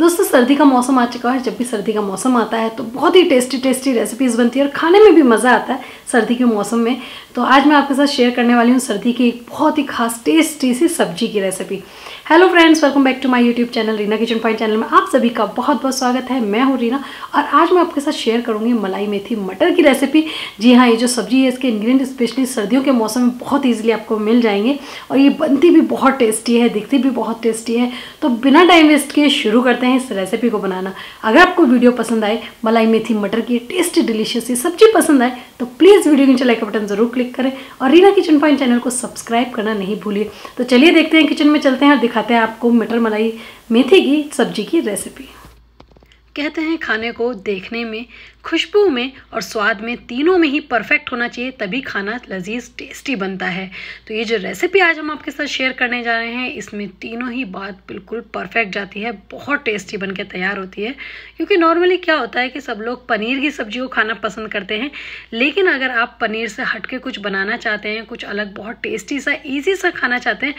दोस्तों सर्दी का मौसम आ चुका है जब भी सर्दी का मौसम आता है तो बहुत ही टेस्टी टेस्टी रेसिपीज़ बनती है और खाने में भी मज़ा आता है सर्दी के मौसम में तो आज मैं आपके साथ शेयर करने वाली हूँ सर्दी की एक बहुत ही खास टेस्टी सी सब्जी की recipe hello friends welcome back to my YouTube channel Reena kitchen point channel में आप सभी का बहुत बहुत स्वागत है मैं हूँ रीना और आज मैं आपके साथ शेयर करूँगी मलाई मेथी मटर की रेसिपी जी हाँ ये जो सब्जी है इसके इंग्रेडिएंट स्पेशली सर्दियों के मौसम में बहुत ईजिली आपको मिल जाएंगे और ये बनती भी बहुत टेस्टी है दिखती भी बहुत टेस्टी है तो बिना टाइम वेस्ट किए शुरू करते हैं इस रेसिपी को बनाना अगर आपको वीडियो पसंद आए मलाई मेथी मटर की टेस्टी डिलीशियस ये सब्जी पसंद आए तो प्लीज़ वीडियो नीचे लाइक बटन ज़रूर क्लिक करें और रीना किचन पॉइंट चैनल को सब्सक्राइब करना नहीं भूलिए तो चलिए देखते हैं किचन में चलते हैं और दिखाते हैं आपको मटर मलाई मेथी की सब्जी की रेसिपी कहते हैं खाने को देखने में खुशबू में और स्वाद में तीनों में ही परफेक्ट होना चाहिए तभी खाना लजीज टेस्टी बनता है तो ये जो रेसिपी आज हम आपके साथ शेयर करने जा रहे हैं इसमें तीनों ही बात बिल्कुल परफेक्ट जाती है बहुत टेस्टी बन के तैयार होती है क्योंकि नॉर्मली क्या होता है कि सब लोग पनीर की सब्जी को खाना पसंद करते हैं लेकिन अगर आप पनीर से हट के कुछ बनाना चाहते हैं कुछ अलग बहुत टेस्टी सा ईजी सा खाना चाहते हैं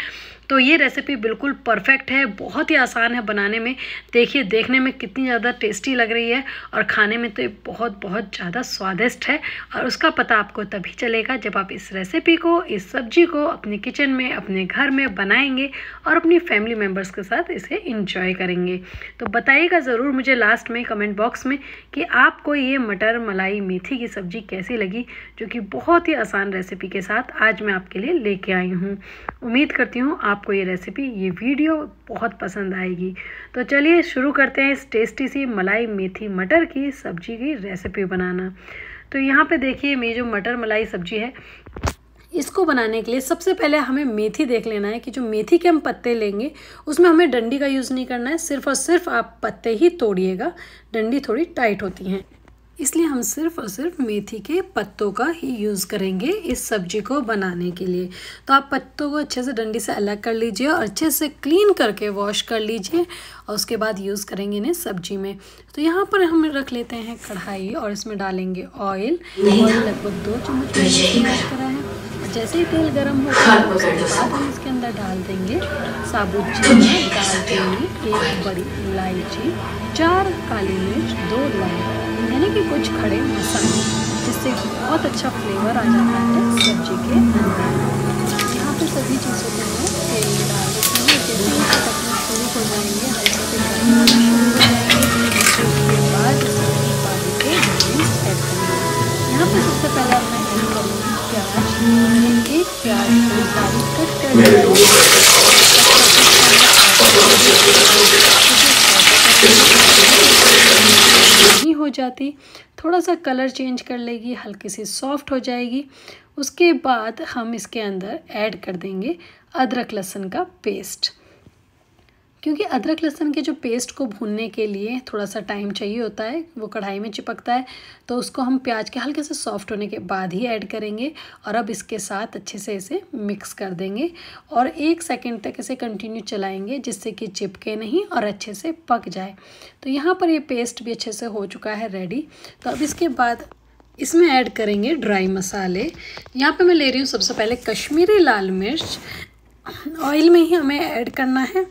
तो ये रेसिपी बिल्कुल परफेक्ट है बहुत ही आसान है बनाने में देखिए देखने में कितनी ज़्यादा टेस्टी लग रही है और खाने में तो ये बहुत बहुत ज़्यादा स्वादिष्ट है और उसका पता आपको तभी चलेगा जब आप इस रेसिपी को इस सब्जी को अपने किचन में अपने घर में बनाएंगे और अपनी फैमिली मेम्बर्स के साथ इसे इंजॉय करेंगे तो बताइएगा ज़रूर मुझे लास्ट में कमेंट बॉक्स में कि आपको ये मटर मलाई मेथी की सब्ज़ी कैसी लगी जो कि बहुत ही आसान रेसिपी के साथ आज मैं आपके लिए लेके आई हूँ उम्मीद करती हूँ आपको ये रेसिपी ये वीडियो बहुत पसंद आएगी तो चलिए शुरू करते हैं इस टेस्टी सी मलाई मेथी मटर की सब्जी की रेसिपी बनाना तो यहाँ पे देखिए मेरी जो मटर मलाई सब्जी है इसको बनाने के लिए सबसे पहले हमें मेथी देख लेना है कि जो मेथी के हम पत्ते लेंगे उसमें हमें डंडी का यूज़ नहीं करना है सिर्फ और सिर्फ आप पत्ते ही तोड़िएगा डंडी थोड़ी टाइट होती हैं इसलिए हम सिर्फ और सिर्फ मेथी के पत्तों का ही यूज़ करेंगे इस सब्जी को बनाने के लिए तो आप पत्तों को अच्छे से डंडी से अलग कर लीजिए और अच्छे से क्लीन करके वॉश कर लीजिए और उसके बाद यूज़ करेंगे इन्हें सब्जी में तो यहाँ पर हम रख लेते हैं कढ़ाई और इसमें डालेंगे ऑयल ऑयल लगभग दो चम्मच करा है जैसे ही तेल गर्म होगा हम इसके अंदर डाल देंगे साबुत डाल दालचीनी एक बड़ी इलायची चार काली मिर्च दो लौंग यानी कि कुछ खड़े मसाले जिससे बहुत अच्छा फ्लेवर आ जाता है सब्जी के अंदर यहाँ पर सभी चीज़ों में मैं तेल डाल देती हूँ जैसे ही पकड़ना शुरू हो जाएंगे हल्के से शुरू हो जाएंगे यहाँ पर सबसे पहला मैं प्याज एक प्याज को कट कर थोड़ा सा कलर चेंज कर लेगी हल्की सी सॉफ्ट हो जाएगी उसके बाद हम इसके अंदर ऐड कर देंगे अदरक लहसुन का पेस्ट क्योंकि अदरक लहसुन के जो पेस्ट को भूनने के लिए थोड़ा सा टाइम चाहिए होता है वो कढ़ाई में चिपकता है तो उसको हम प्याज के हल्के से सॉफ्ट होने के बाद ही ऐड करेंगे और अब इसके साथ अच्छे से इसे मिक्स कर देंगे और एक सेकेंड तक इसे कंटिन्यू चलाएँगे जिससे कि चिपके नहीं और अच्छे से पक जाए तो यहाँ पर ये पेस्ट भी अच्छे से हो चुका है रेडी तो अब इसके बाद इसमें ऐड करेंगे ड्राई मसाले यहाँ पे मैं ले रही हूँ सबसे पहले कश्मीरी लाल मिर्च ऑयल में ही हमें ऐड करना है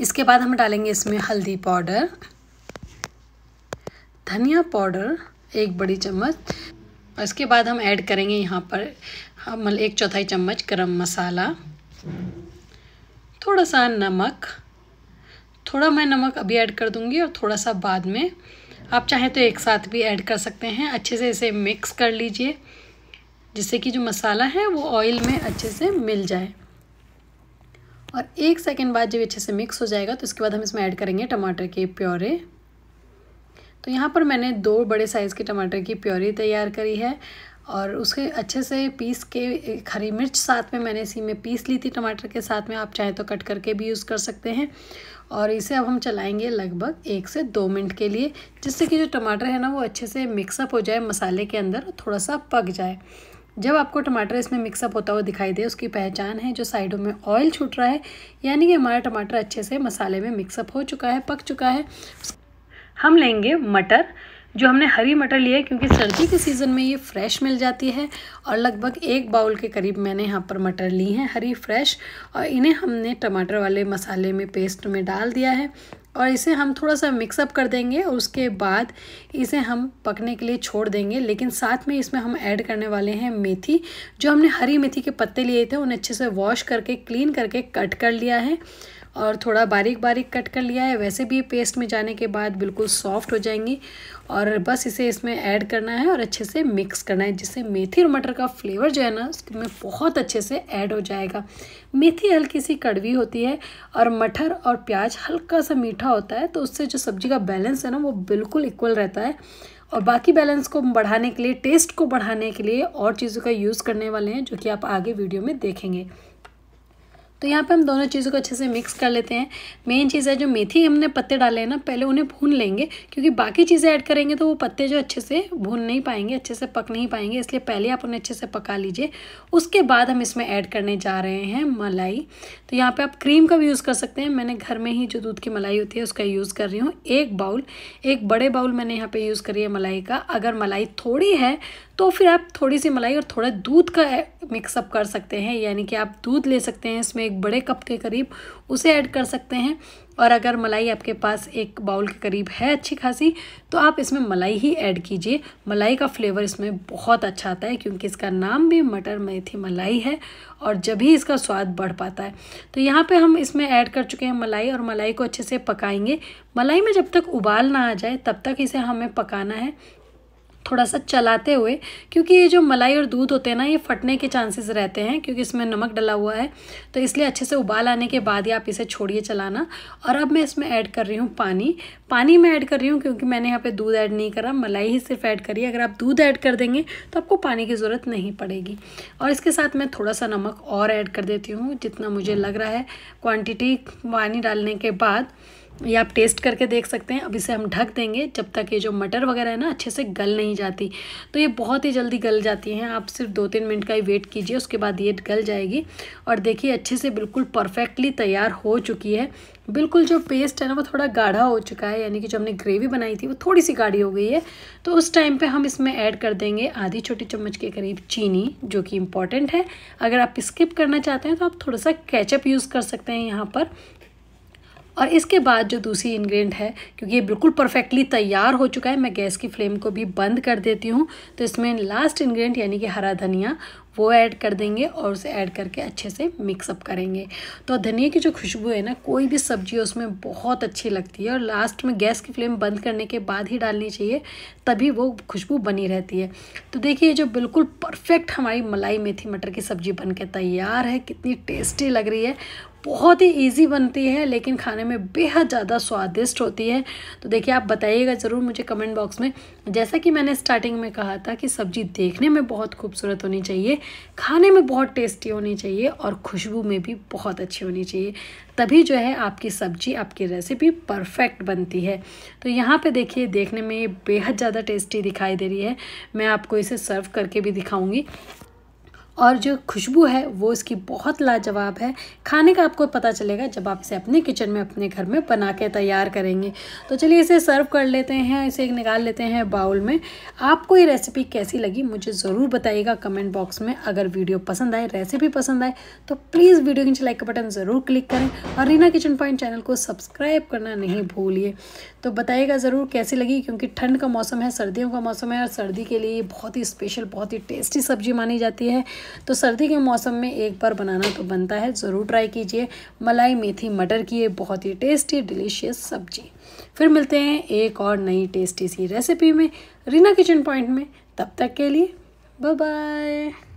इसके बाद हम डालेंगे इसमें हल्दी पाउडर धनिया पाउडर एक बड़ी चम्मच और इसके बाद हम ऐड करेंगे यहाँ पर हम मतलब एक चौथाई चम्मच गरम मसाला थोड़ा सा नमक थोड़ा मैं नमक अभी ऐड कर दूँगी और थोड़ा सा बाद में आप चाहें तो एक साथ भी ऐड कर सकते हैं अच्छे से इसे मिक्स कर लीजिए जिससे कि जो मसाला है वो ऑयल में अच्छे से मिल जाए और एक सेकेंड बाद जब अच्छे से मिक्स हो जाएगा तो इसके बाद हम इसमें ऐड करेंगे टमाटर के प्योरे तो यहाँ पर मैंने दो बड़े साइज़ के टमाटर की प्योरी तैयार करी है और उसके अच्छे से पीस के हरी मिर्च साथ में मैंने इसी में पीस ली थी टमाटर के साथ में आप चाहे तो कट करके भी यूज़ कर सकते हैं और इसे अब हम चलाएंगे लगभग एक से दो मिनट के लिए जिससे कि जो टमाटर है ना वो अच्छे से मिक्सअप हो जाए मसाले के अंदर थोड़ा सा पक जाए जब आपको टमाटर इसमें मिक्सअप होता हुआ दिखाई दे उसकी पहचान है जो साइडों में ऑयल छूट रहा है यानी कि हमारा टमाटर अच्छे से मसाले में मिक्सअप हो चुका है पक चुका है हम लेंगे मटर जो हमने हरी मटर लिया है क्योंकि सर्दी के सीज़न में ये फ्रेश मिल जाती है और लगभग एक बाउल के करीब मैंने यहाँ पर मटर ली हैं हरी फ्रेश और इन्हें हमने टमाटर वाले मसाले में पेस्ट में डाल दिया है और इसे हम थोड़ा सा मिक्सअप कर देंगे और उसके बाद इसे हम पकने के लिए छोड़ देंगे लेकिन साथ में इसमें हम ऐड करने वाले हैं मेथी जो हमने हरी मेथी के पत्ते लिए थे उन्हें अच्छे से वॉश करके क्लीन करके कट कर लिया है और थोड़ा बारीक बारीक कट कर लिया है वैसे भी पेस्ट में जाने के बाद बिल्कुल सॉफ्ट हो जाएंगी और बस इसे इसमें ऐड करना है और अच्छे से मिक्स करना है जिससे मेथी और मटर का फ्लेवर जो है ना उसमें बहुत अच्छे से ऐड हो जाएगा मेथी हल्की सी कड़वी होती है और मटर और प्याज हल्का सा मीठा होता है तो उससे जो सब्ज़ी का बैलेंस है ना वो बिल्कुल इक्वल रहता है और बाकी बैलेंस को बढ़ाने के लिए टेस्ट को बढ़ाने के लिए और चीज़ों का यूज़ करने वाले हैं जो कि आप आगे वीडियो में देखेंगे तो यहाँ पे हम दोनों चीज़ों को अच्छे से मिक्स कर लेते हैं मेन चीज़ है जो मेथी हमने पत्ते डाले हैं ना पहले उन्हें भून लेंगे क्योंकि बाकी चीज़ें ऐड करेंगे तो वो पत्ते जो अच्छे से भून नहीं पाएंगे अच्छे से पक नहीं पाएंगे इसलिए पहले आप उन्हें अच्छे से पका लीजिए उसके बाद हम इसमें ऐड करने जा रहे हैं मलाई तो यहाँ पर आप क्रीम का भी यूज़ कर सकते हैं मैंने घर में ही जो दूध की मलाई होती है उसका यूज़ कर रही हूँ एक बाउल एक बड़े बाउल मैंने यहाँ पर यूज़ करी है मलाई का अगर मलाई थोड़ी है तो फिर आप थोड़ी सी मलाई और थोड़ा दूध का मिक्सअप कर सकते हैं यानी कि आप दूध ले सकते हैं इसमें एक बड़े कप के करीब उसे ऐड कर सकते हैं और अगर मलाई आपके पास एक बाउल के करीब है अच्छी खासी तो आप इसमें मलाई ही ऐड कीजिए मलाई का फ्लेवर इसमें बहुत अच्छा आता है क्योंकि इसका नाम भी मटर मेथी मलाई है और जब ही इसका स्वाद बढ़ पाता है तो यहाँ पे हम इसमें ऐड कर चुके हैं मलाई और मलाई को अच्छे से पकाएंगे मलाई में जब तक उबाल ना आ जाए तब तक इसे हमें पकाना है थोड़ा सा चलाते हुए क्योंकि ये जो मलाई और दूध होते हैं ना ये फटने के चांसेस रहते हैं क्योंकि इसमें नमक डला हुआ है तो इसलिए अच्छे से उबाल आने के बाद ही आप इसे छोड़िए चलाना और अब मैं इसमें ऐड कर रही हूँ पानी पानी मैं ऐड कर रही हूँ क्योंकि मैंने यहाँ पर दूध ऐड नहीं करा मलाई ही सिर्फ ऐड करी अगर आप दूध ऐड कर देंगे तो आपको पानी की ज़रूरत नहीं पड़ेगी और इसके साथ मैं थोड़ा सा नमक और ऐड कर देती हूँ जितना मुझे लग रहा है क्वान्टिटी पानी डालने के बाद ये आप टेस्ट करके देख सकते हैं अब इसे हम ढक देंगे जब तक ये जो मटर वगैरह है ना अच्छे से गल नहीं जाती तो ये बहुत ही जल्दी गल जाती हैं आप सिर्फ दो तीन मिनट का ही वेट कीजिए उसके बाद ये गल जाएगी और देखिए अच्छे से बिल्कुल परफेक्टली तैयार हो चुकी है बिल्कुल जो पेस्ट है ना वो थोड़ा गाढ़ा हो चुका है यानी कि जो हमने ग्रेवी बनाई थी वो थोड़ी सी गाढ़ी हो गई है तो उस टाइम पे हम इसमें ऐड कर देंगे आधी छोटी चम्मच के करीब चीनी जो कि इम्पॉर्टेंट है अगर आप स्किप करना चाहते हैं तो आप थोड़ा सा कैचअप यूज़ कर सकते हैं यहाँ पर और इसके बाद जो दूसरी इंग्रेडिएंट है क्योंकि ये बिल्कुल परफेक्टली तैयार हो चुका है मैं गैस की फ्लेम को भी बंद कर देती हूँ तो इसमें लास्ट इंग्रेडिएंट यानी कि हरा धनिया वो ऐड कर देंगे और उसे ऐड करके अच्छे से मिक्सअप करेंगे तो धनिया की जो खुशबू है ना कोई भी सब्जी उसमें बहुत अच्छी लगती है और लास्ट में गैस की फ्लेम बंद करने के बाद ही डालनी चाहिए तभी वो खुशबू बनी रहती है तो देखिए जो बिल्कुल परफेक्ट हमारी मलाई मेथी मटर की सब्ज़ी बन के तैयार है कितनी टेस्टी लग रही है बहुत ही इजी बनती है लेकिन खाने में बेहद ज़्यादा स्वादिष्ट होती है तो देखिए आप बताइएगा ज़रूर मुझे कमेंट बॉक्स में जैसा कि मैंने स्टार्टिंग में कहा था कि सब्ज़ी देखने में बहुत खूबसूरत होनी चाहिए खाने में बहुत टेस्टी होनी चाहिए और खुशबू में भी बहुत अच्छी होनी चाहिए तभी जो है आपकी सब्ज़ी आपकी रेसिपी परफेक्ट बनती है तो यहाँ पे देखिए देखने में ये बेहद ज़्यादा टेस्टी दिखाई दे रही है मैं आपको इसे सर्व करके भी दिखाऊंगी और जो खुशबू है वो इसकी बहुत लाजवाब है खाने का आपको पता चलेगा जब आप इसे अपने किचन में अपने घर में बना के तैयार करेंगे तो चलिए इसे सर्व कर लेते हैं इसे निकाल लेते हैं बाउल में आपको ये रेसिपी कैसी लगी मुझे ज़रूर बताइएगा कमेंट बॉक्स में अगर वीडियो पसंद आए रेसिपी पसंद आए तो प्लीज़ वीडियो के नीचे लाइक का बटन ज़रूर क्लिक करें और रीना किचन पॉइंट चैनल को सब्सक्राइब करना नहीं भूलिए तो बताइएगा ज़रूर कैसी लगी क्योंकि ठंड का मौसम है सर्दियों का मौसम है और सर्दी के लिए बहुत ही स्पेशल बहुत ही टेस्टी सब्जी मानी जाती है तो सर्दी के मौसम में एक बार बनाना तो बनता है ज़रूर ट्राई कीजिए मलाई मेथी मटर की ये बहुत ही टेस्टी डिलीशियस सब्जी फिर मिलते हैं एक और नई टेस्टी सी रेसिपी में रीना किचन पॉइंट में तब तक के लिए बाय बाय